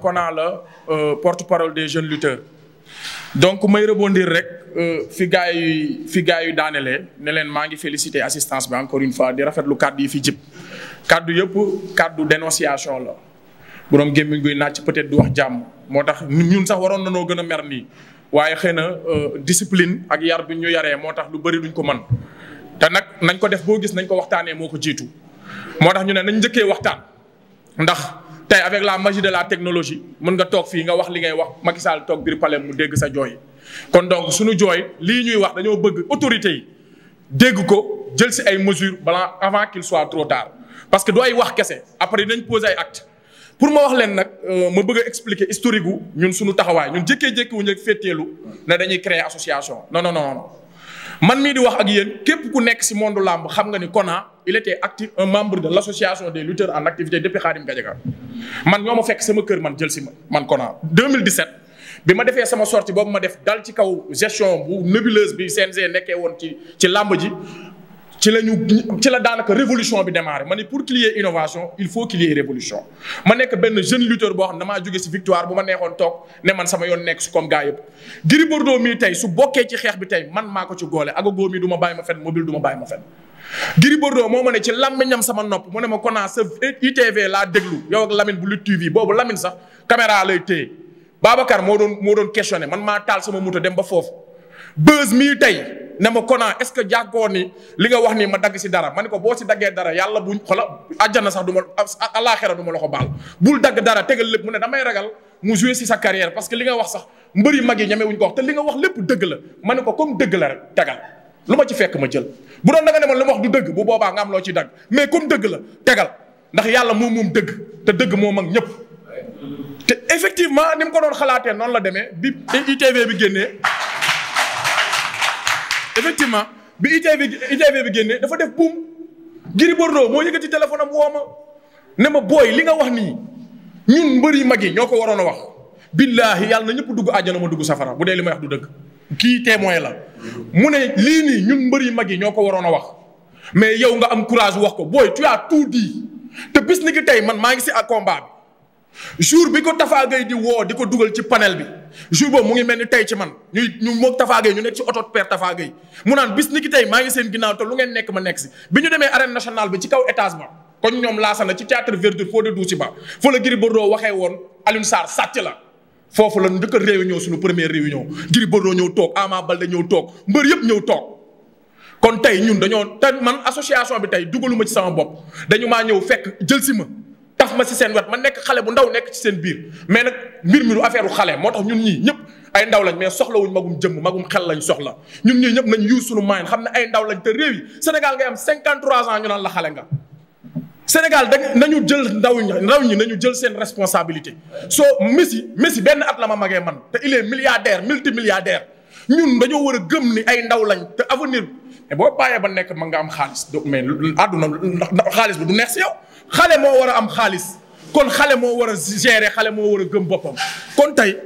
Kona la euh, porte-parole des jeunes lutteurs donc may rebondir rek euh, fi gars yi fi gars yu daanelee ne leen maa ngi féliciter assistance bi encore une fois di rafetlu kàddu yi fi jib kàddu yëpp kàddu dénonciation la boroom gémmiñ guy naaj peut-être du wax jàmm moo tax ñun sax waroon na noo gën a mer nii waaye xëy na euh, discipline ak yar buñ ñu yaree moo tax lu bëri luñ ko mën te nag nañ ko def boo gis nañ ko waxtaanee moo ko jiitu moo tax ñu ne nañ njëkkee waxtaan ndax tey avec la magie de la technologie mën nga toog fii nga wax li ngay wax Macky Sall toog biir palais mu dégg sa jooy kon donc suñu jooy lii ñuy wax dañoo bëgg autorités yi dégg ko jël si ay mesures bala avant qu'il soit trop tard parce que du ay wax kese après dañ poser ay actes pour ma wax leen nag euh, ma bëgg a expliquer historique gu ñun suñu taxawaay ñun jékkee-jékki wuñu ak féeteelu ne dañuy créer association non non non man mii di wax ak yéen képp ku nekk si monde làmb xam nga ni kona il était actif un membre de l' association des lutteurs en activité depuis Khadim Gadiaga man ñoo ma fekk sama kër man jël si ma man Kona 2017. bi ma defee sama sortie boobu ma def dal ci kaw gestion bu nébuleuse bi CNG nekkee woon ci ci làmb ji ci la ñu ci la daanaka révolution bi démarré ma ne pour qu'il y ait innovation il faut qu'il y révolution ma nekk benn jeune lutteur boo xam ne damaa jóge si victoire bu ma neexoon toog ne man sama yoon nekk su comme gars yëpp Gris mii tey su bokkee ci xeex bi tey man maa ko ci goole aga góo mi du ma bàyyi ma fen mobile du Gris Bordeaux moo ma ne ci làmmiñam sama nopp mu ne ma konaa sa ITV laa déglu yow ak Lamine bu Lutte TV boobu Lamine sax caméra lay téye Babacar moo doon moo doon questionné man maa taal sama moto dem ba foofu. Beuz mii tey ne ma konaa est-ce que jàkkoo ni li nga wax nii ma dagg si dara ma ne ko boo si daggee dara yàlla buñ xola àjjana sax du ma alaaxira du ma la ko baal bul dagg dara tegal lépp mu ne damay ragal. mu joué si sa carrière parce que li nga wax sax mbëri mag yi ñeme wuñ te li nga wax lépp dëgg la ma ne ko comme dëgg la tegal lu ma ci fekk ma jël bu doon da nga ne ma lu ma wax du dëgg bu boobaa nga loo ci dagg mais comme dëgg la tegal ndax yàlla moom moom dëgg te dëgg moom ak ñëpp. te effectivement ni mu ko doon xalaatee noonu la demee bi ITV bi génnee effectivement bi ITV ITV bi génnee dafa def buum Gris Bordeaux moo yëkkati téléphone am woo ma ne ma booy li nga wax nii ñun mbër yu mag yi ñoo ko waroon a wax billaahi yàlla na ñëpp dugg àjjana ma dugg safara bu dee li may wax du dëgg. kii témoin la mu ne lii nii ñun mbër yu mag yi ñoo ko waroon a wax mais yow nga am courage wax ko booy tu as tout di te bis ni ki tey man maa ngi si ak combat bi jour bi ko Tafa di woo di ko dugal ci panel bi jour boobu mu ngi mel ni tey ci man ñuy ñu moog Tafa ñu nekk si oto père Tafa mu naan bis ni ki tey maa ngi seen ginnaaw te lu ngeen nekk ma nekk si bi ñu demee arène nationale bi ci kaw étage ba kon ñoom laasana ci théâtre verdure foo de duusi ba fa la Gris Bordeaux woon Alioune Sarr sàcc la. foofu la njëkk a réunion suñu première réunion Gris Bordeaux ñëw toog Ama Baldé ñëw toog mbër yëpp ñëw toog kon tey ñun dañoo te man association bi tey dugaluma ci sama bopp dañu maa ñëw fekk jël si ma taf ma si seen wet ma nekk xale bu ndaw nekk ci seen biir mais nag mbir mi du affaire u xale moo tax ñun ñii ñëpp ay ndaw lañ mais soxlawuñ magum jëmm magum xel lañ soxla ñun ñii ñëpp nañ use suñu moyen xam ne ay ndaw lañ te réew yi Sénégal ngay am ans ñu naan la xale nga Sénégal da nañu jël ndaw ñi ndaw ñi nañu jël seen responsabilité soo Messi Messi benn at la ma magee man te il est milliardaire multimilliardaire ñun dañoo war a gëm ni ay ndaw lañ te avenir mais boo ba nekk ma nga am xaalis donc mais àdduna xaalis bi du neex si yow xale moo war a am xaalis kon xale moo war a gérer xale moo war a gëm boppam kon tey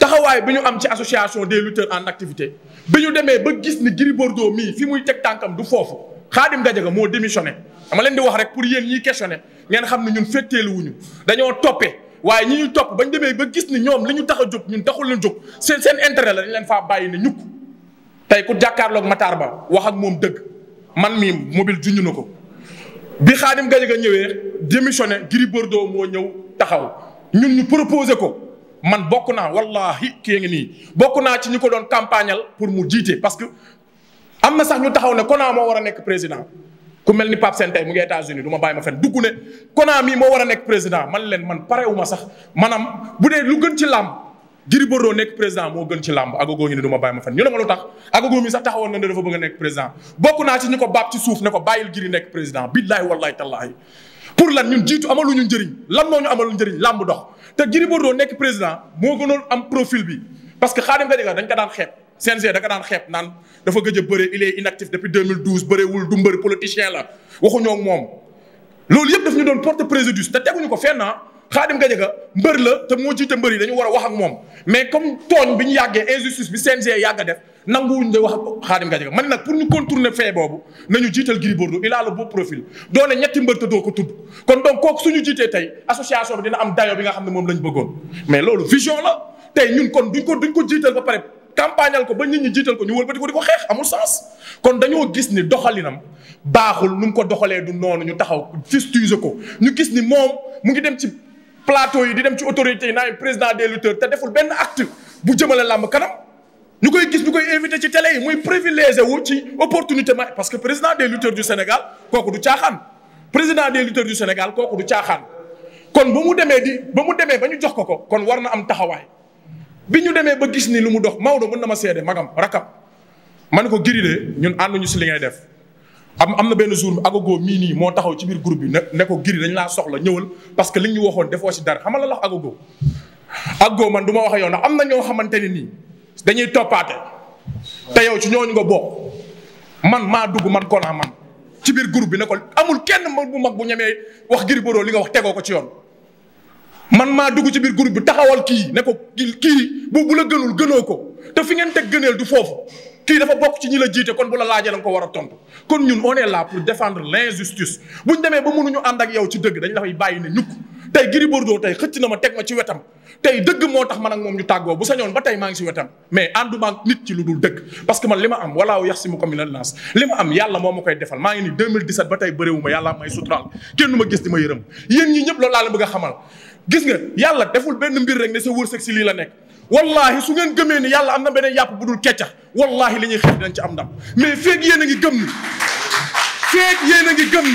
taxawaay bi ñu am ci association des lutteurs en activité bi ñu demee ba gis ni Gris Bordeaux mii fi muy teg tànkam du foofu Khadim Gadiaga moo démissionné dama leen di wax rek pour yéen ñiy questionné ngeen xam ne ñun fetteelu wuñu dañoo toppee waaye ñi ñu topp bañ demee ba gis ni ñoom li ñu tax a jóg ñun taxul leen jóg seen seen intérêt la dañ leen faa bàyyi ne ñukk tey ku jàkkaarloog Matar Ba wax ak moom dëgg man mii mobile junj na ko bi Khadim Gadiaga ñëwee démissionné Gris Bordeaux moo ñëw taxaw ñun ñu proposé ko. man bokk naa wallahi kii ngi nii bokk naa ci ñu ko doon campagnal pour mu jiite parce que am na sax ñu taxaw ne Kona moo war a nekk président ku mel ni Pape Sène tey mu ngi États-Unis du ma bàyyi ma fen dugg ne Kona mii moo war a nekk président man gën ci làmb Gris Bordeaux nekk président moo gën ci làmb agogo ñu ne du ma bàyyi ma fen ne ma lu tax agogo mi sax taxawoon ne dafa bëgg a nekk président bokk naa ci ñu ko baab ci suuf ne moo ñu amalu njëriñ làmb dox te Gris doo nekk président moo gënoon am profil bi parce que Khadim Gadiaga dañ ko daan xeeb CNG da ka daan xeeb naan dafa gëj a bëre il est inactif depuis 2012 bëreewul du mbëri politicien la waxuñoo ak moom. loolu yëpp daf ñu doon porte préjudice te teguñu ko fenn Khadim ah. Gadiaga mbër la te moo jiite mbër yi dañu war a wax ak moom mais comme tooñ bi ñu yàggee injustice bi CNG yàgg a def nanguwuñ de wax ak Khadim Gadiaga man nag pour ñu contourner fee boobu nañu jiital Gris Bordeaux il a le beau profil doone ñetti mbër te doo ko tudd kon donc kooku suñu jiitee tey association bi dina am dayo bi nga xam ne moom lañ bëggoon mais loolu vision la tey ñun kon duñ ko duñ ko jiital ba pare campagnal ko ba nit ñi jiital ko ñu wëlbati ko di ko xeex amul sens kon dañoo gis ni doxalinam baaxul nu mu ko doxalee du noonu ñu taxaw fustige ko ñu gis ni moom mu ngi dem ci plateau yi di dem ci autorité yi naan président de lutteurs te deful benn acte bu jëmale làmb kanam ñu koy gis ñu koy invité ci télé yi muy privilégié wu ci opportunité ma parce que président des lutteurs du Sénégal kooku du caaxaan président des lutteurs du Sénégal kooku du caaxaan kon ba mu demee di ba mu demee ba ñu jox ko ko kon war na am taxawaay bi ñu demee ba gis ni lu mu dox Maodo mën na ma seede magam rakam man ko Gris de ñun ànduñu si li def. am am na benn jour Agogo mii nii moo taxaw ci biir groupe bi ne ne ko Gris laa soxla ñëwal parce que li ñu waxoon defoo si dara xamal la wax Agogo. Agogo man du ma wax ak yow am na ñoo xamante ne nii dañuy toppaate te yow ci ñooñu nga bokk man maa dugg man ko naa man ci biir groupe bi ne ko amul kenn bu mag bu ñemee wax Gris Bordeaux li nga wax tegoo ko ci yoon. man maa dugg ci biir groupe bi taxawal kii ne ko kii bu bu la gënul gënoo ko te fi ngeen teg gëneel du foofu kii dafa bokk ci ñi la jiite kon bu la laajee da ko war a tontu kon ñun on est là pour défendre l'injustice buñ demee ba mënuñu ànd ak yow ci dëgg dañ la fay bàyyi ne ñukk tey Gris Bordeaux tey xëcc na ma teg ma ci wetam tey dëgg moo tax man ak moom ñu tàggoo bu sañoon ba tey maa ngi si wetam mais ànduma ak nit ci lu dul dëgg parce que man li ma am walaaw yax si mu ko mi lan naas li yàlla moo ma koy defal maa ngi ni 2017 ba tey bëréewu ma yàlla may suturaal kenn du ma gis di ma yërëm yéen ñi ñëpp loolu laa bëgg a xamal gis nga yàlla deful benn mbir rek ne sa wërsëg si lii la nekk wallahi su ngeen gëmee ni yàlla am na beneen yàpp bu dul keccax wallahi li a ngi gëm ni feeg yéen a ngi gëm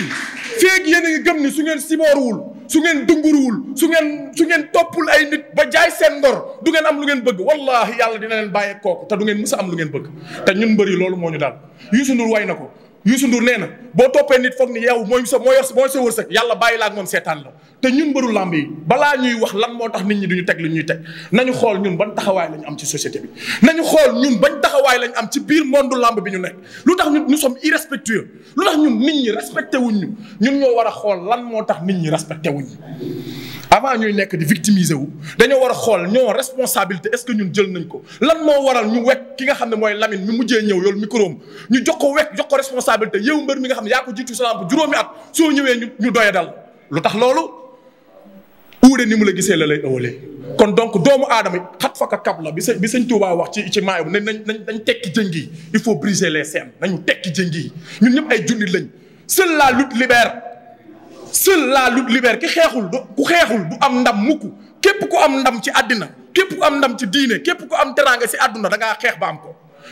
feeg yéen a ngi gëm ni su ngeen sibooruwul su ngeen dunguruwul su ngeen su ngeen toppul ay nit ba jaay seen ngor du ngeen am lu ngeen bëgg wallahi yàlla dina leen bàyyi kooku te du ngeen mës am lu ngeen bëgg te ñun bëri loolu moo ñu daal Youssou Ndour way na ko yu Ndour nee na boo toppee nit foog ni yow mooy sa mooy mooy sa wërsëg yàlla bàyyi la ak moom seetaan la te ñun mbëru làmb yi balaa ñuy wax lan moo tax nit ñi ñu teg lu ñuy teg nañu xool ñun ban taxawaay lañu am ci société bi. nañu xool ñun bañ taxawaay lañ am ci biir monde làmb bi ñu nekk lu tax ñun nous sommes irrespectueux lu tax ñun nit ñi respecté wuñ ñu ñun ñoo war a xool lan moo tax nit ñi respecté wuñ ñu avant ñuy nekk di victimiser wu dañoo war a xool ñoo responsabilité est-ce que ñun jël nañ ko lan moo waral ñu wekk ki nga xam ne mooy lamin mi mujjee ñëw yoolu microom ñu jox ko wekk jox ko responsabilité yow mbër mi nga xam ne yaa ko jiitu salaam bu juróomi at soo ñëwee ñu ñu doye dal lu tax loolu uure ni mu la gisee la lay ëwalee kon donc doomu aadama xat fakka kab la bi sa bi sëñ Tuubaa wax ci ci maayam nañ nañ nañ tekki jëng yi il faut briser les chaînes nañu tekki jëng yi ñun ñëpp ay jullit lañ seule la lutte libère seule la lutte libère ki xeexul du ku xeexul du am ndam mukk képp ku am ndam ci àddina képp ku am ndam ci diine képp ku am teraanga si àdduna da ngaa xeex ba am ko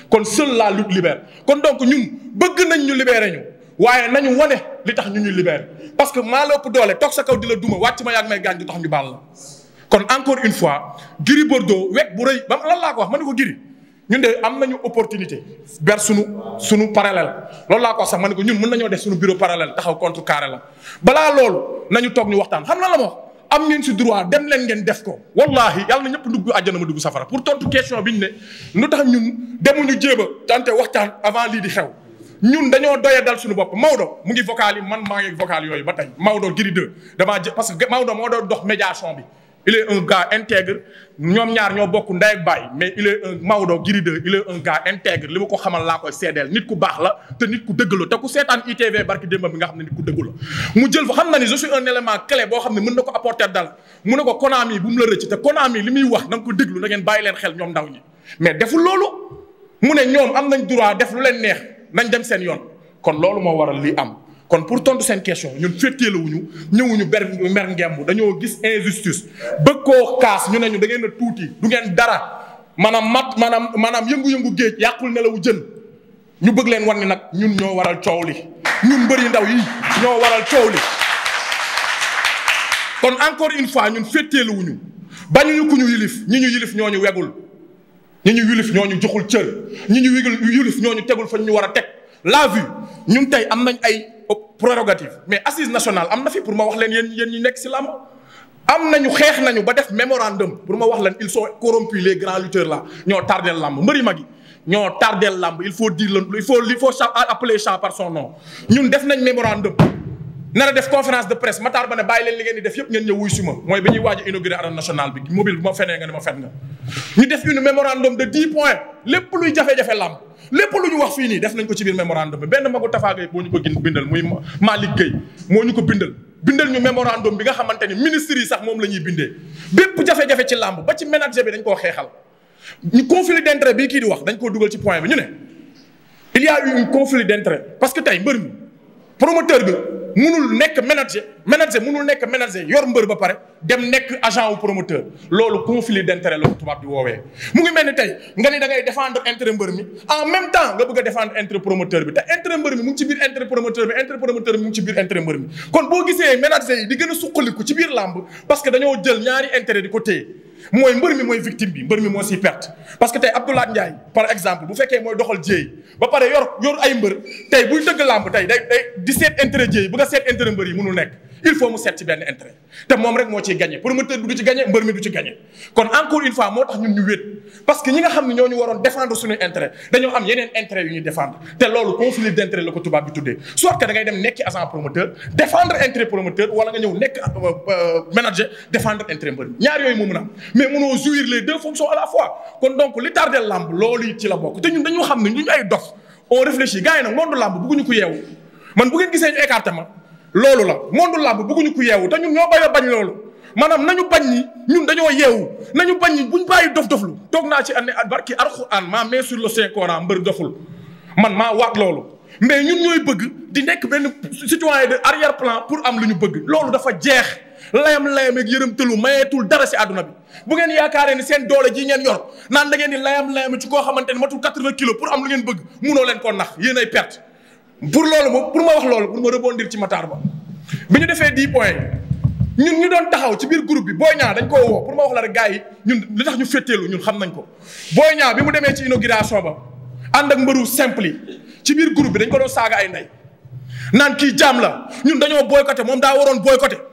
kon seule la lutte libère kon donc ñun bëgg nañ ñu libéré ñu waaye nañu wane li tax ñu ñu libéré parce que maa la ëpp doole toog sa kaw di la duma wàcc ma yàgg may gaañ du tax ñu baal la kon encore une fois Gris Bordeaux wekk bu rëy ba lan laa ko wax ma ne ko Gris ñun de am nañu opportunité ber suñu suñu parallèle loolu laa ko sax ma ne ko ñun mun nañoo def suñu bureau parallèle taxaw contre carré la balaa loolu nañu toog ñu waxtaan xam na la ma wax am ngeen si droit dem leen ngeen def ko wallahi yàlla na ñëpp dugg àjjana ma dugg safara pour tontu question bi ñu ne lu tax ñun demuñu jéem a tante waxtaan avant lii di xew ñun dañoo doye dal suñu bopp Maodo mu ngi vocal yi man maa ngi vocal yooyu ba tey Maodo giri deux damaa parce que Maodo moo doon dox médiation bi il est un gars intègre ñoom ñaar ñoo bokk ndey ak baay mais il est un Maodo Gris 2 il est un gars intègre li ma ko xamal laa koy seedeel nit ku baax la te nit ku dëgg la te ku seetaan ITV barki démb bi nga xam ne nit ku dëgg la mu jël xam na ni je suis un boo xam ne mën na ko apporter dal mu ne ko Konami bu mu la rëcc te Konami li muy wax na nga ko déglu da ngeen bàyyi leen xel ñoom ndaw ñi mais deful loolu mu ne ñoom am nañ droit def lu leen neex nañ dem seen yoon kon loolu moo waral lii am kon pour tontu seen question ñun féeteeluwuñu ñëwuñu ber mer ngemb dañoo gis injustice bëgg koo kaas ñu ne ñu da ngeen tuuti du ngeen dara maanaam mat maanaam maanaam yëngu-yëngu géej yàqul nelawu jën ñu bëgg leen wan ni nag ñun ñoo waral coow li ñun mbëri ndaw yi ñoo waral coow li kon encore une fois ñun féeteeluwuñu bañuñu ku ñu yilif ñi ñu yilif ñoo ñu wegul ñu ñu yilif ñoo ñu joxul cër ñi ñu wegul yilif ñoo ñu tegul fa ñu war a teg. la vue ñun tey am nañ ay prérogatives mais assise nationale am na fi pour ma wax leen yéen yéen ñi nekk si làmb am nañu xeex nañu ba def mémorandum pour ma wax leen ils sont corrompus les grands lutteurs là ñoo tardeel làmb mbëri mag yi ñoo tardeel làmb il faut dire il faut il faut appeler chat par son nom ñun def nañ mémorandum nar def conférence de presse Matar ba ne bàyyi leen li ngeen di def yëpp ngeen ñëw wuy si ma mooy bi ñuy waaj a inauguré nationale bi mobile bu ma fenee nga ne ma fen nga ñu def une mémorandum de 10 points lépp luy jafe-jafe làmb lépp lu ñu wax fii nii def nañ ko ci biir mémorandum bi benn magu Tafa nga xamante ni ministres sax moom la bindee bépp jafe-jafe ci làmb ba ci ménager bi dañ koo xeexal ñu conflit d'intérêt bii kii di wax dañ koo dugal ci point parce que tey mbër mi munul nekk manager manager munul nekk manager yor mbër ba pare dem nekk agent ou promoteur loolu conflit d'intérêt la tubaab di woowee. mu ngi mel ni tey nga ni da ngay défendre mbër mi en même temps nga bëgg a défendre intérêt promoteur bi te intérêt mbër mi mu ci biir intérêt promoteur bi intérêt promoteur bi mu ngi ci biir intérêt mbër mi. kon boo gisee manager yi di gën a suqaliku ci biir làmb parce que dañoo jël ñaari intérêt di ko téye. mooy mbër mi mooy victime bi mbër mi moo siy perte parce que tey Abdoulaye Ndiaye par exemple bu fekkee mooy doxal jéey ba pare yor yor ay mbër tey buy dëgg làmp tey day day di seet intérêt jéey bu nga seet intérêt mbër yi mënul nekk il faut mu seet ci benn intérêt te moom rek moo ciy gagné promoteur du ci gagné mbër mi du ci gagné. kon encore une fois moo tax ñun ñu wéet parce que ñi nga xam ne ñoo ñu waroon défendre suñu intérêt dañoo am yeneen intérêt yu ñuy défendre te loolu conflit d'intérêt la ko tubaab bi tuddee soit que da ngay dem nekki agent promoteur défendre intérêt promoteur wala nga ñëw nekk euh, euh, manager défendre intérêt mbër mi ñaar yooyu moo mën a am mais mënoo jouir les deux fonctions à la fois kon donc li tardé lamb loolu ci la bokk te ñun dañoo xam ne ñu ay dof on réfléchit gars yi nag monde lamb bëgguñu ko yeewu man bu loolu la moom monde làmb bëgguñu ku yeewu te ñun ñoo bay bañ loolu maanaam nañu bañ ni ñun dañoo yeewu nañu bañ ni buñ bàyyi dof doflu toog naa ci ànd barki alxuraan maa mais sur le saint coran mbër doful man maa waat loolu mais ñun ñooy bëgg di nekk benn citoyen de arrière plan pour am lu ñu bëgg loolu dafa jeex layam layam ak yërëm tëlu dara si àdduna bi bu ngeen yaakaaree ni seen doole ji ngeen yor naan da ngeen di layam layam ci koo xamante ne matul 80 kilos pour leen koo nax yéen ay pour loolu moom pour ma wax loolu pour ma rebondir ci Matar Ba bi ñu defee 10 points ñun ñu doon taxaw ci biir group bi Boy ñaa dañ koo woo pour ma wax la rek gars yi ñun li tax ñu fétteelu ñun xam nañ ko. Boy Niang bi mu demee ci inauguration ba ànd ak mbëru simple yi ci biir group bi dañ ko doon saaga ay ndey naan kii jaam la ñun dañoo boycotté moom daa waroon booy boycotté.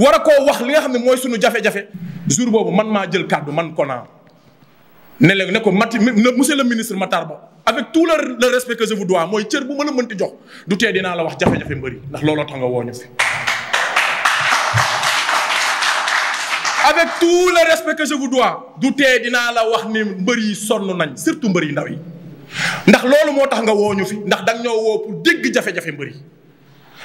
war a koo wax li nga xam ne mooy sunu jafe-jafe jour boobu man maa jël kàddu man Kona ne leen ne ko Mati monsieur le ministre Matar Ba avec tout le respect que je vous dois mooy cër bu ma la mënti jox du tee dinaa la wax jafe-jafe mbëri looloo nga woo ñu fi. avec tout le respect que je vous du tee dinaa la wax ni mbëri yi nañ surtout mbëri yu ndaw ndax loolu moo tax nga woo ñu fi ndax danga ñoo woo pour dégg jafe-jafe mbëri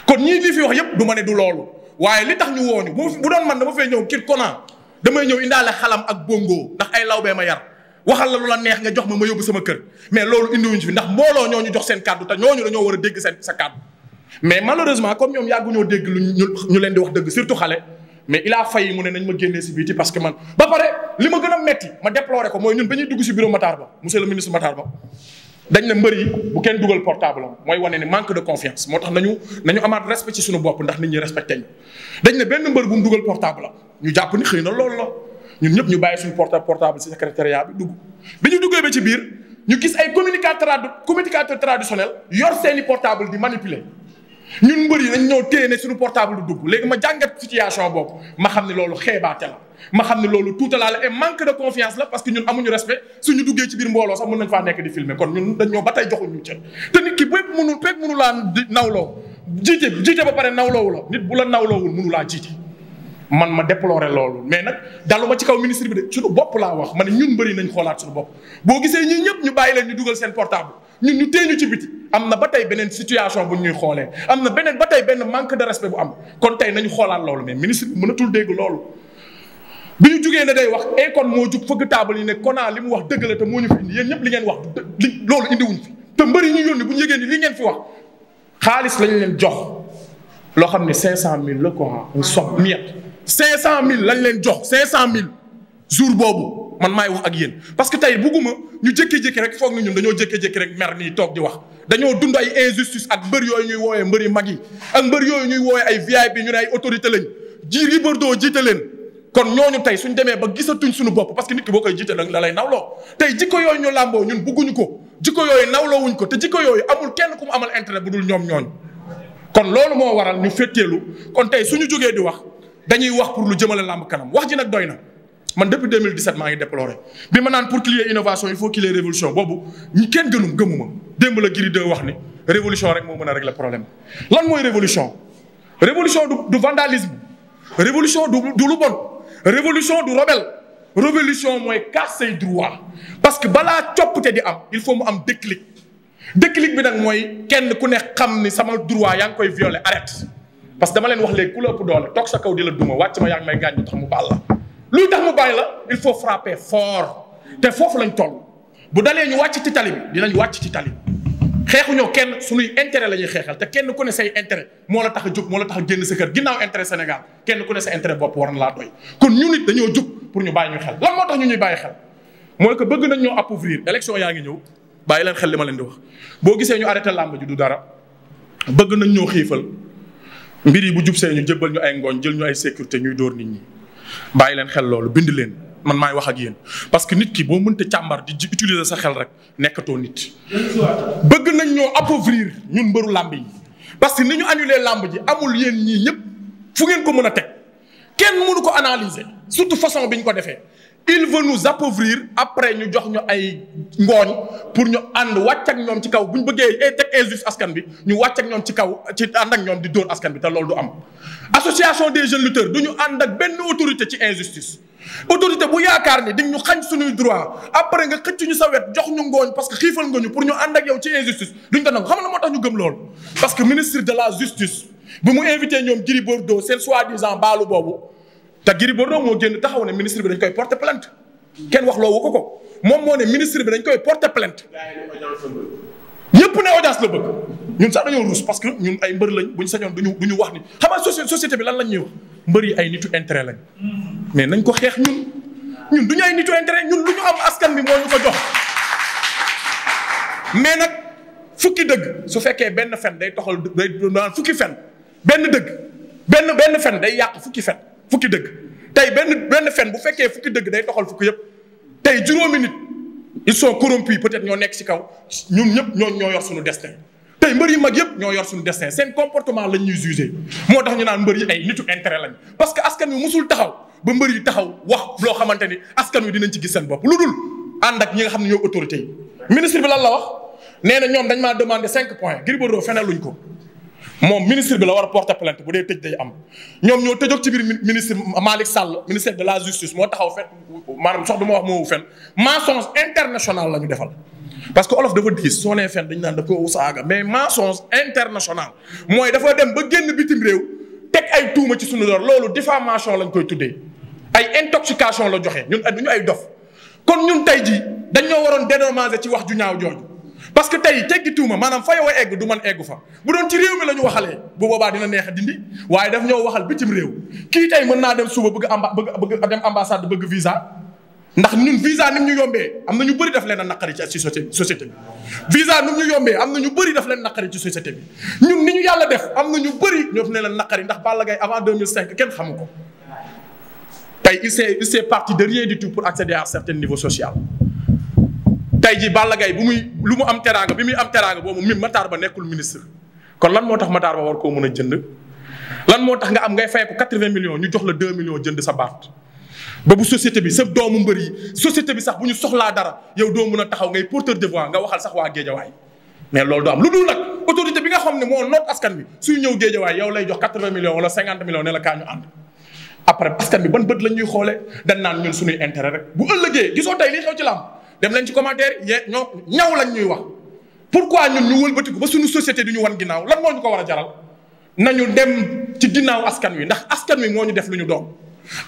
kon ñii li fi wax yépp du ma ne du loolu. waaye li tax ñu woo ñu bu doon man dama fay ñëw kit Kona damay ñëw indaale xalam ak bongo ndax ay lawbee ma yar waxal la lu la neex nga jox ma ma yóbbu sama kër mais loolu indiwuñ fi ndax mbooloo ñoo ñu jox seen kàddu te ñooñu war a dégg seen sa comme ñoom yàggu ñoo dégg lu ñu leen di wax dëgg surtout xale mais il a failli mu ne nañ ma génnee si biiti parce que man ba pare li ma gën a metti ma déploré ko mooy ñun ba ñuy dugg si bureau Matar Ba monsieur le ministre Matar Ba dañ na mbër yi bu kenn dugal portable mooy wane ne manque de confiance moo tax nañu nañu amaat respect ci suñu bopp ndax nit ñi respecté ñu. dañ na benn mbër bu mu dugal portable am ñu jàpp ni xëy na loolu la ñun ñëpp ñu bàyyi suñu portable portable ci secrétariat bi dugg bi ñu duggee ba ci biir ñu gis ay communicateur communicateur traditionnel yor seeni portable di manipuler. ñun mbër yi nañ ñoo téye ne suñu portable du dugg léegi ma jàngat situation boobu ma xam ne loolu xeebaate la ma xam ne loolu tuutalaa la et manque de confiance la parce que ñun amuñu respect suñu duggee ci biir mbooloo sax mën nañ faa nekk di filmer kon ñun dañoo ba tey joxuñu cër te nit ki bépp bu la nawloowul mënu laa jiite man ma déploré loolu mais nag dalu ma ci kaw ministre bi de suñu bopp laa wax ma ne ñun bëri nañ xoolaat suñu boo gisee ñii ñëpp ñu bàyyi leen ñu dugal seen portable ñun ñu teeñu ci biti am na ba tey beneen situation bu ñuy xoolee am na beneen ba tey benn manque de respect bu am kon tey nañu xoolaat loolu mais ministre bi mënatul dégg loolu bi ñu jugee ne day wax Akon moo jug fëgg taabal yi ne Kona li mu wax dëgg moo ñu fi indi yéen ñëpp li ngeen wax li loolu indiwuñ fi te mbëri ñu yónni bu ñu yëgee ni li ngeen fi wax xaalis lañ leen jox loo xam ne 500000 la quoi une somme miette 500000 lañ leen jox 500000 jour boobu man maay wax ak yéen parce que tey bugguma ñu jékki-jékki rek foog na ñun dañoo jékki-jékki rek mer nii toog di wax. dañoo dund ay injustice ak mbër yooyu ñuy woowee mbëri mag yi ak mbër yooyu ñuy woowee ay VIP ñu ne ay autorité lañ ji Ribordo jiite leen. kon ñooñu tey suñu demee ba gisatuñ suñu bopp parce que nit ki boo koy jiite la lay nawloo tey jikko yooyu ñu làmboo ñun bugguñu ko jikko yooyu nawloowuñ ko te jikko yooyu amul kenn ku mu amal intérêt bu dul ñoom ñooñu kon loolu moo waral ñu fetteelu kon tey suñu jógee di wax dañuy wax pour lu jëmale làmb kanam wax ji nag doy na man depuis 2017 maa ngi déploré bi ma naan pour qu'il y ait innovation il faut qu'il révolution boobu ñu kenn gënum gëmuma démb la Gris wax ni révolution rek moo mën a régler problème lan mooy révolution révolution du vandalisme révolution du lu bon révolution du rebelle révolution mooy kaas say droit parce que balaa coppite di am il faut mu am déclic déclic bi nag mooy kenn ku ne xam ni sama droit yaa ngi koy violer arrête parce que dama leen wax léegi ku la ëpp doole toog sa kaw di la duma wàcc ma yaa ngi may gaañ tax mu baal la luy tax mu bàyyi la il faut frapper foor te foofu lañ toll bu dalee ñu wàcc ci tali bi dinañ wàcc ci tali xeexuñoo kenn suñuy intérêt la ñuy xeexal te kenn ku ne say intérêt moo la tax a jóg moo la tax a génn sa kër ginnaaw intérêt Sénégal kenn ku ne sa intérêt bopp war na laa doy kon ñu nit dañoo jóg pour ñu bàyyi ñu xel lan moo ñu ñuy bàyyi xel mooy que bëgg nañ ñoo appauvrir élection yaa ngi ñëw bàyyi leen xel li ma leen di wax boo gisee ñu arrêté làmb ji du dara bëgg nañ ñoo xiifal mbir yi bu jub see ñu jëbbal ñu ay ngooñ jël ñu ay sécurité ñuy dóor nit ñi bàyyi leen xel loolu bind leen man maay wax ak yéen parce que nit ki boo mënte càmbar di utiliser sa xel rek nekkatoo nit. bëgg nañ ñoo appauvrir ñun mbëru làmb yi parce que ni ñu annulé làmb ji amul yéen ñii ñëpp fu ngeen ko mën a teg kenn mënu ko analyser surtout façon bi ñu ko defee. il veut nous appauvrir après ñu jox ñu ay ngooñ pour ñu ànd wàcc ak ñoom ci kaw bu ñu bëggee eh, teg injustice askan bi ñu wàcc ak ñoom ci kaw ci ànd ak ñoom di dóor askan bi te loolu du am. association des jeunes lutteurs du ñu ànd ak benn autorité ci injustice. autorité bu yaakaar ne di ñu xañ suñuy droit après nga xëcc ñu sa wet jox ñu ngooñ parce que xiifal nga ñu pour ñu ànd ak yow ci injustice duñ ko nangu xam na moo tax ñu gëm lool. parce ministre de la justice bi mu invité ñoom Gris Bordeaux seen soi-disant baalu boobu te Gris Bordeaux moo génn taxaw ne ministre bi dañ koy porter plainte kenn wax loowu ko ko moom moo ne ministre bi dañ koy porter plainte. ñëpp ne audience la bëgg. ñun sax dañoo ruus parce que ñun ay mbër lañ bu ñu sañoon duñu ñu wax ni xam nga société bi lan lañ ñuy wax mbër yi ay nitu intérêt lañ mais nañ ko xeex ñun ñun duñu ay nitu intérêt ñun lu ñu am askan bi moo ñu ko jox mais nag fukki dëgg su fekkee benn fen day toxal day naan fukki fen benn dëgg benn benn fen day yàq fukki fen fukki dëgg tey benn benn fen bu fekkee fukki dëgg day toxal fukki yëpp tey juróomi nit ils sont corrompus peut-être ñoo nekk ci kaw ñun ñëpp ñoo ñoo yor suñu destin tey mbër yi mag yëpp ñoo yor suñu destin seen comportement lañ ñuy moo tax ñu naan mbër yi ay nitu intérêt lañ parce que askan wi musul taxaw ba mbër yi taxaw wax loo xamante ni askan wi dinañ ci gis seen bopp lu dul ànd ak ñi nga xam ne ñoo autorité yi. ministre bi lan la wax nee na ñoom dañ maa demande cinq points Gris Bordeaux feneen luñ ko moom ministre bi la war a porter plainte bu dee tëj day am ñoom ñoo tëjoog ci biir ministre Malick Sall ministère de la justice moo taxaw fen maanaam sax du ma wax moo fen mensonge international la defal. parce que olof dafa diis soo nee fen dañu naan daf ko saaga mais mensonge international mooy dafa dem ba génn bitim réew teg ay tuuma ci suñu lor loolu diffamation lañ koy tuddee ay intoxication la joxe ñun du ñu ay dof kon ñun tey jii dañoo waroon dédommager ci wax ju ñaaw jooju. parce que tey teggi tuuma maanaam fa yow a egg du man eggu fa bu doon ci réew mi la ñu bu boobaa dina neex a dindi waaye daf ñoo waxal bitim réew kii tey mën naa dem suba bëgg amba bëgg dem ambassade bëgg visa. ndax ñun visa ñu yombee am na ñu bëri daf leen a naqari ci société bi visa ni mu am na ñu bëri daf leen naqari ci société ñun ni ñu yàlla def am na ñu bëri ñoo ne leen naqari ndax Balla Gaye avant 2005 kenn xamu ko tey il s'est il s'est parti de rien du tout pour accéder certain niveau social. tey ji Balla Gaye bu muy lu mu am teraanga bi muy am teraanga boobu mi Matar Ba nekkul ministre kon lan moo tax Matar Ba war koo mën a jënd lan moo tax nga am ngay fay ko 80 millions ñu jox la 2 millions jënd sa baat ba bu société bi sa doomu mbër yi société bi sax bu ñu soxlaa dara yow doo mën a taxaw ngay porteur de voix nga waxal sax waa géejawaay mais loolu du am lu dul nag autorité bi nga xam ne moo noot askan bi suy ñëw géejawaay yow lay jox 80 millions wala 50 millions ne la kaa ñu ànd après ñuy xoolee dañ naan ñun suñuy intérêt rek bu ëllëgee gisoo tey lii xew ci làmb dem leen ci commentaire ye ñoo ñaw lañ ñuy wax pourquoi ñun ñu wëlbatiku ba suñu société du ñu wan ginnaaw lan moo ñu ko war a jaral nañu dem ci ginnaaw askan wi ndax askan wi moo ñu def lu ñu doon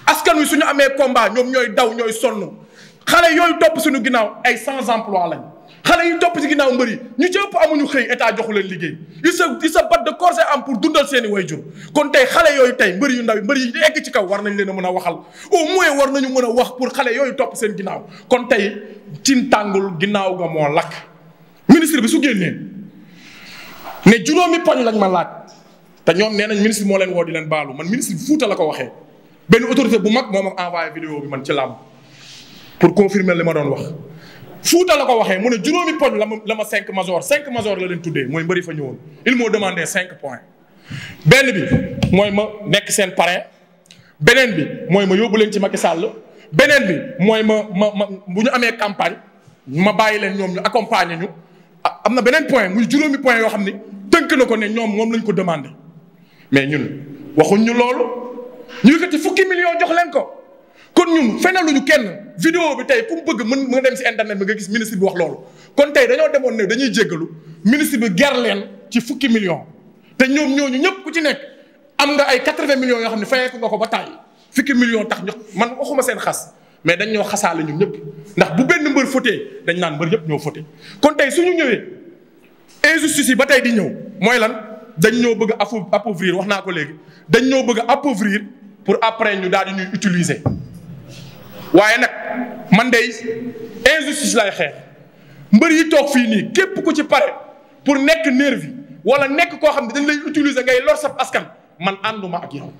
askan wi suñu amee combat ñoom ñooy daw ñooy sonn xale yooyu topp suñu ginnaaw ay sans emploi lañ xale yu topp ci ginnaaw mbër yi ñu ci ëpp amuñu xëy état joxu leen liggéey il se il se bat de corps et âme pour dundal seen i wayjur kon tey xale yooyu tey mbër yu ndaw yi yi egg ci kaw war nañ leen a mën a waxal au moins war nañu mën a wax pour xale yooyu topp seen ginnaaw kon tey ci tàngul ginnaaw nga moo lakk ministre bi su génnee ne juróomi poñ lañ ma laaj te ñoom nee nañ ministre moo leen woo di leen baalu man ministre bi fuuta la ko waxee benn autorité bu mag moo envoyé vidéo man ci làmb pour confirmer li ma doon wax fuuta la ko waxee mu ne juróomi poñ la ma la ma cinq major cinq major la leen tuddee mooy mbëri fa ñëwoon il m'ont demandé cinq points benn bi mooy ma nekk seen parrain beneen bi mooy ma yóbbu leen ci Macky sàll beneen bi mooy ma ma ma bu ñu amee campagne ma bàyyi leen ñoom ñu accompagner ñu ah, am na beneen point muy juróomi point yoo xam ni tënk na ko ne ñoom moom lañ ko demande mais ñun waxuñ ñu loolu ñu yëkkati fukki million jox leen ko kon ñun fenaluñu kenn vidéo bi tey ku mu bëgg mën nga dem si internet bi nga gis ministre bi wax loolu kon tey dañoo demoon ne dañuy jéggalu ministre bi ger leen ci fukki million te ñoom ñooñu ñëpp ku ci nekk am nga ay quatre-vingts millions yoo xam ne ko nga ko ba tàyyi fukki million tax ñu man waxuma seen xas mais dañ ñoo xasaale ñun ñëpp ndax bu benn mbër fotee dañ naan mbër yëpp ñoo fote kon tey suñu ñëwee injustice yi ba tey di ñëw mooy lan dañ ñoo bëgg a appauvrir wax naa ko léegi dañ ñoo bëgg a pour après ñu daal di ñuy utiliser waaye nag man day injustice lay xeex mbër yi toog fii nii képp ku ci pare pour nekk nervi wala nekk koo xam ne dañ lay utiliser ngay lor sab askan man ànduma ak yow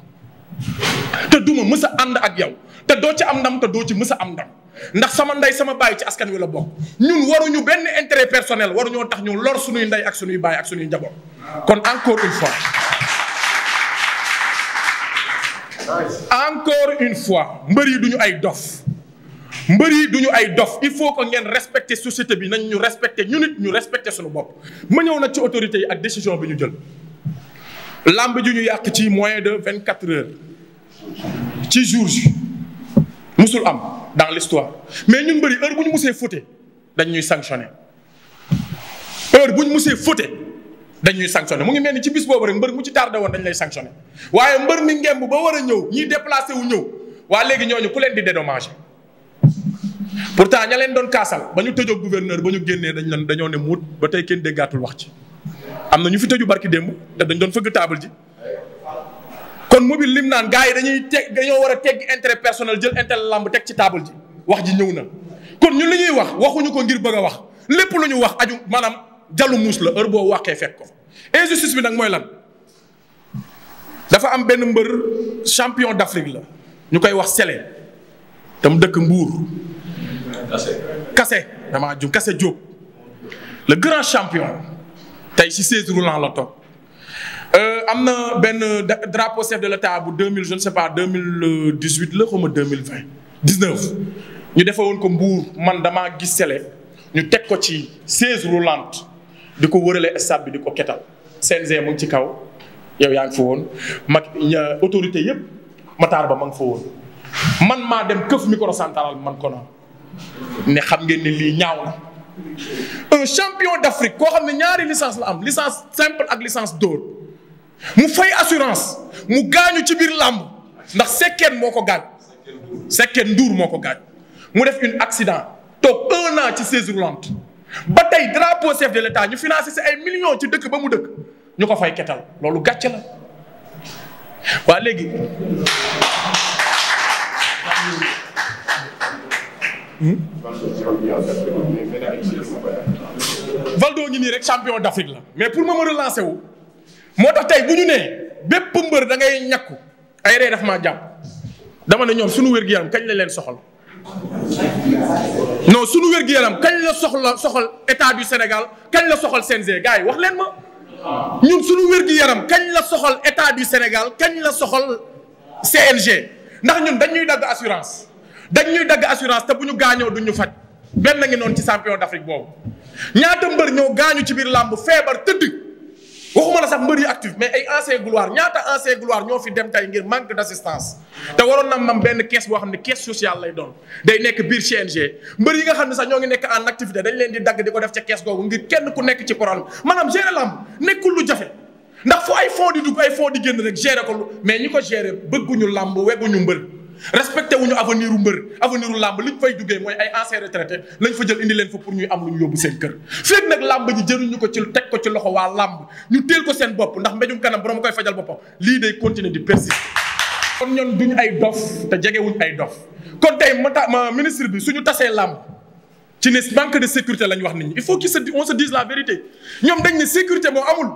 te duma mës a ànd ak yow te doo ci am ndam te doo ci mës a am ndam ndax sama ndey sama baay ci askan wi la bokk ñun waruñu benn intérêt personnel waruñoo tax ñu lor suñuy ndey ak suñuy baay ak suñuy njaboot kon encore une fois encore une fois mbër yi duñu ay dof mbër yi du ñu ay dof il faut que ngeen respecter société bi nañ ñu respecter ñu nit ñu respecter suñu bopp ma ñëw nag ci autorité yi ak décision bi ñu jël làmb ju ñu yàq ci moyen de vingt quatre heures ci jours ji musul am dans l'histoire mais ñu ñun mbëri heure bu ñu musee fauté dañ ñuy sanctionné heure bu ñu musee fauté dañ ñuy sanctionné mu ngi mel ni ci bis boobu rek mbër mu ci tardé woon dañ lay sanctionné waaye mbër mi ngemb ba war a ñëw ñiy déplacé wu ñëw waa léegi ñooñu ku leen di dédommagé pour pourtant ña leen doon kaasal ba ñu tëjoo gouverneur ba ñu génnee dañ leen dañoo ne muut ba tey kenn déggaatul wax ci am na ñu fi tëju barki démb te dañ doon fëgg table ji kon mobile lim naan gars yi dañuy teg dañoo war a tegg intérêt personnel jël intérêt làmb teg ci table ji wax ji ñëw na kon ñu li ñuy wax waxuñu ko ngir bëgg a wax lépp lu ñu wax aju maanaam jallu muus la heure boo waxee fekk ko injustice bi nag mooy lan dafa am benn mbër champion d'Afrique la ñu koy wax Sélé tam dëkk Mbour kase damaa jum Kassé Diop le grand champion tey ci chaise roulante la toog euh, am na benn drapeau chef de l'état deux mille je ne sais mille dix huit la xaw ma deux mille vingt dix neuf ñu defe woon ko mbuur man damaa gis sele ñu teg ko ci chaise roulante di ko wërale stade bi di ko ketal CNG mu ngi ci kaw yow yaa ngi fa woon mag autorité yëpp Matar Ba ma ngi woon man maa dem këf microcentral man ko noonu ne xam ngeen ne lii ñaaw na un champion d'Afrique koo xam ne ñaari licence la am licence simple ak licence d'or mu fay assurance mu gaañu ci biir làmb ndax sekkeen moo ko gaañ sekkeen nduur moo ko gaañ mu def une accident toog un an ci chaise roulante ba tey drapeau chef de l'État ñu financé si ay millions ci dëkk ba mu dëkk ñu ko fay ketal loolu gàcce la waa léegi Valdo ngi nii rek champion d'Afrique la mais pour ma a relancer wu moo tax tey bu ñu nee bépp mbër da ngay ñàkku ay rey daf maa jàpp dama ne ñoom sunu wér-gu-yaram kañ la leen soxal non suñu wér yaram kañ la soxla soxal état du Sénégal kañ la soxal CNG gars wax leen ma ñun suñu wér-gu-yaram kañ la soxal état du Sénégal kañ la soxal CNG ndax ñun dañuy dagg assurance dañ ñuy dagg assurance te bu ñu gaañoo duñ ñu faj benn ngi noonu ci champion d'Afrique boobu ñaata mbër ñoo gaañu ci biir làmb feebar tëdd waxuma la sax mbër yi actif mais ay ancien gloire ñaata ancien gloire ñoo fi dem tey ngir manque d'assistance te waroon na mam benn caisse boo xam ne caisse sociale lay doon day nekk biir CNG mbër yi nga xam ne sax ñoo ngi nekk en activité dañ leen di dagg di ko def ca caisse googu ngir kenn ku nekk ci problème maanaam gérer làmb nekkul lu jafe ndax fu ay fonds di dugg ay fonds di génn rek gérer ko mais ñi ko gérer bëgguñu làmb wegguñu mbër respecté wuñu avenir u mbër avenir u làmb liñ fay duggee mooy ay anciens retraités lañ fa jël indi leen fa pour ñuy am lu ñu yóbbu seen kër fekk nag làmb ji jëruñu ko ci teg ko ci loxo waa làmb ñu teel ko seen bopp ndax mbéjum kanam borom koy fajal boppam lii day continuer di persister kon ñoon duñ ay dof te jegewuñ ay dof kon tey ma ministre bi suñu tasee làmb ci manque de sécurité lañ wax nit ñi il faut qu'on se dise la vérité ñoom dañ sécurité moo amul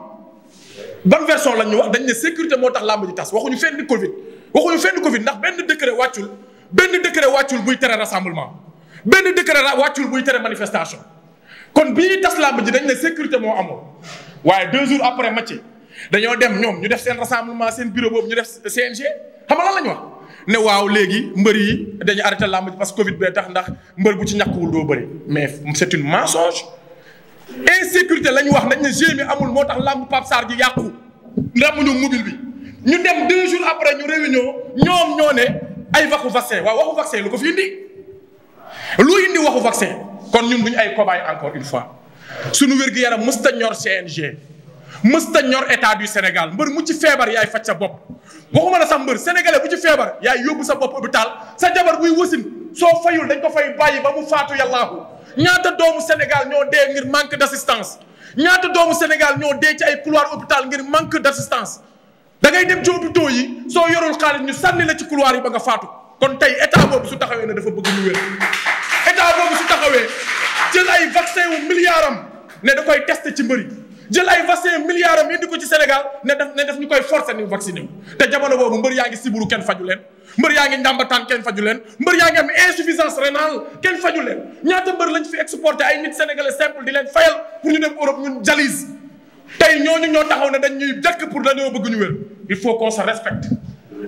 ban version lañ ñu wax dañ ne sécurité moo tax làmb ji tas waxuñu fenn Covid waxuñu fenn Covid ndax benn décret wàccul benn décret wàccul buy tere rassemblement benn décret wàccul buy tere manifestation kon bi ñuy tas làmb ji dañ ne sécurité moo amoon waaye deux jours après match dañoo dem ñoom ñu def seen rassemblement seen bureau boobu ñu def CNG xam nga lan wax ne waaw léegi mbër yi dañu arrêté làmb ji parce que Covid bee tax ndax mbër bu ci ñàkkuwul doo bëri mais c'est une mensonge insécurité la ñu wax dañ ne GMI amul moo tax làmb Pape Sarr ji yàqu ndamuñu mobile bi. ñu dem deux jours après ñu réunion ñoom ñoo ne ay waxu vaccin waaw waxu vaccin lu ko fi indi lu indi waxu vaccin kon ñun duñu ay cobaye encore une fois suñu wér-gu-yaram mës ta ñor CNG mës ta ñor état du Sénégal mbër mu ci feebar yaay faj sa bopp waxuma la sax mbër sénégalais bu ci feebar yaay yóbbu sa bopp hôpital sa jabar buy wasin soo fayul dañ ko fay bàyyi ba mu faatu yàllaahu ñaata doomu Sénégal ñoo dee ngir manque d' assistance ñaata doomu Sénégal ñoo dee ci ay couloir hôpital ngir manque d' assistance da ngay dem ci hôpitaux yi soo yorul xaalis ñu sànni la ci couloir yi ba nga faatu kon tey état boobu su taxawee ne dafa bëgg ñu wér état boobu su taxawee jël ay vaccin wu milliard am ne da koy testé ci mbëri jël ay vaccin milliard am indi ko ci Sénégal ne def ne daf ñu koy forcer ni vacciné te jamono boobu mbër yaa ngi siburu kenn faju leen mbër yaa ngi njàmbataan kenn faju leen mbër yaa ngi am insuffisance rénale kenn faju leen ñaata mbër lañ fi exporté ay nit sénégalais simple di leen fayal pour ñu dem Europe ñun jalise tey ñooñu ñoo taxaw ne dañ ñuy dëkk pour dañoo bëgg il faut qu'on se respecte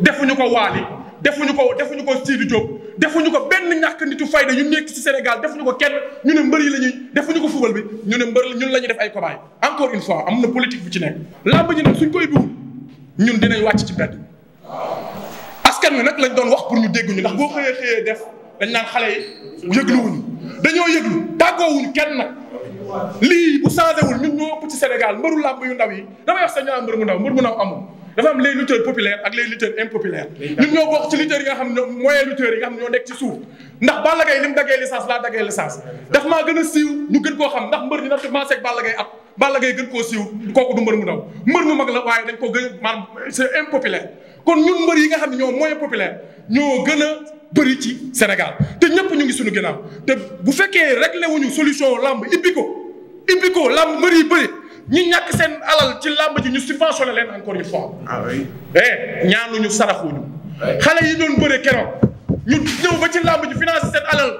defuñu ko waali defuñu ko defuñu ko Sidi Diop defuñu ko benn ñàkk nitu fayda ñu nekk ci Sénégal defuñu ko kenn ñu ne mbër la ñuy defuñu ko football bi ñu ne mbër la ñuy def ay cobaye encore une fois am na politique bu ci nekk. làmb ji nag suñ koy ñun dinañ wàcc ci mbedd askan wi nag lañ doon wax pour ñu dégg ñu ndax boo xëyee xëyee def dañ naan xale yi dañoo yëglu tàggoowuñu kenn nag lii bu changé wul ñun ñoo ëpp ci Sénégal mbëru làmb yu ndaw yi damay wax sax ñu mbër mu ndaw mbër mu ndaw amul. dafa am les lutteurs populaires ak les lutteurs impopulaires ñun ñoo bokk ci lutteurs yi nga xam ne moyen ñoo nekk ci suuf ndax Balla Gaye li daggee licence laa daggee licence daf maa gën a siiw ñu gën koo xam ndax mbër dina maase ak Balla Gaye at Balla Gaye gën koo siiw kooku du mbër mu ndaw mbër mu mag la waaye dañ ko kon yi nga xam ne ñoo moyen populaire ñoo gën a bëri ci Sénégal te ñëpp ñu ngi suñu ginnaaw te bu fekkee rek wuñu solution lamb ibbi ko ibbi ko lamb mbër yi bëri ñu ñàkk seen alal ci làmb ji ñu subventionné leen encore une fois. ah oui eh ñaanuñu saraxuñu. xale yi doon bëre keroog ñu ñëw ci làmb ji financé seen alal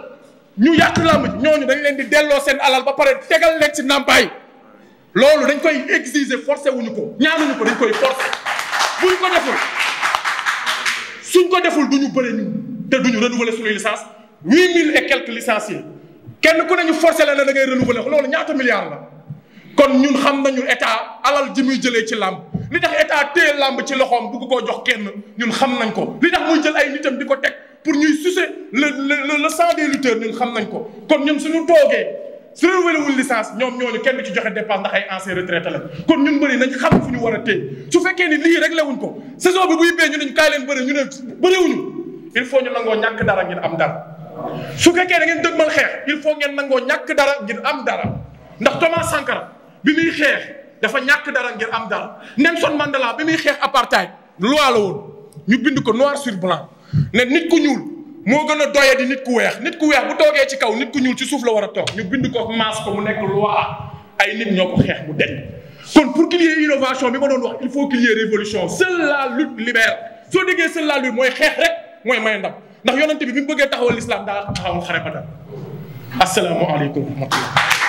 ñu yàq ñooñu dañ leen di delloo seen alal ba pare tegal leen ci nàmpaay loolu dañ koy exiger forcé wuñu ko ñaanuñu ko dañ koy forcé buñ ko deful suñ ko deful duñu bëre ñu te duñu renouveler suñuy licence huit mille et quelques licenciés kenn ku ne ñu forcé la ne da ngay renouveler loolu ñaata milliards la. kon ñun xam nañu état alal ji muy jëlee ci làmb li tax état téye làmb ci loxoom bugg koo jox kenn ñun xam nañ ko li tax muy jël ay nitam di ko teg pour ñuy sucer le le le sang des ñun xam nañ ko kon ñun suñu toogee su wélewul licence ñoom ñooñu kenn ci joxe dépense ay ancien retraité la kon ñun bëri nañ xam fu ñu war fekkee ni lii réglé wuñ ko saison bi buy bee ñu neñ kaay leen bëri ñu ne bëriwuñu il faut ñu nangoo ñàkk dara ngir am dara su fekkee da ngeen dëgmal xeex il faut ngeen nangoo ñàkk dara ngir am dara ndax Thomas Sankara bi muy xeex dafa ñàkk dara ngir am dara Nelson Mandela bi muy xeex apartheid loi la woon ñu bind ko noir sur blanc ne nit ku ñuul moo gën a doye di nit ku weex nit ku weex bu toogee ci kaw nit ku ñuul ci suuf la war a toog ñu bind ko maas ko mu nekk loi ay nit ñoo ko xeex mu deñ soo pour qu'il y innovation bi ma doon wax il faut qu'il révolution seule la lutte libère soo déggee seule la lutte mooy xeex rek mooy may ndam ndax yonent bi bi mu bëggee taxawal l'islam daa taxawal xare Badar asalaamaaleykum wa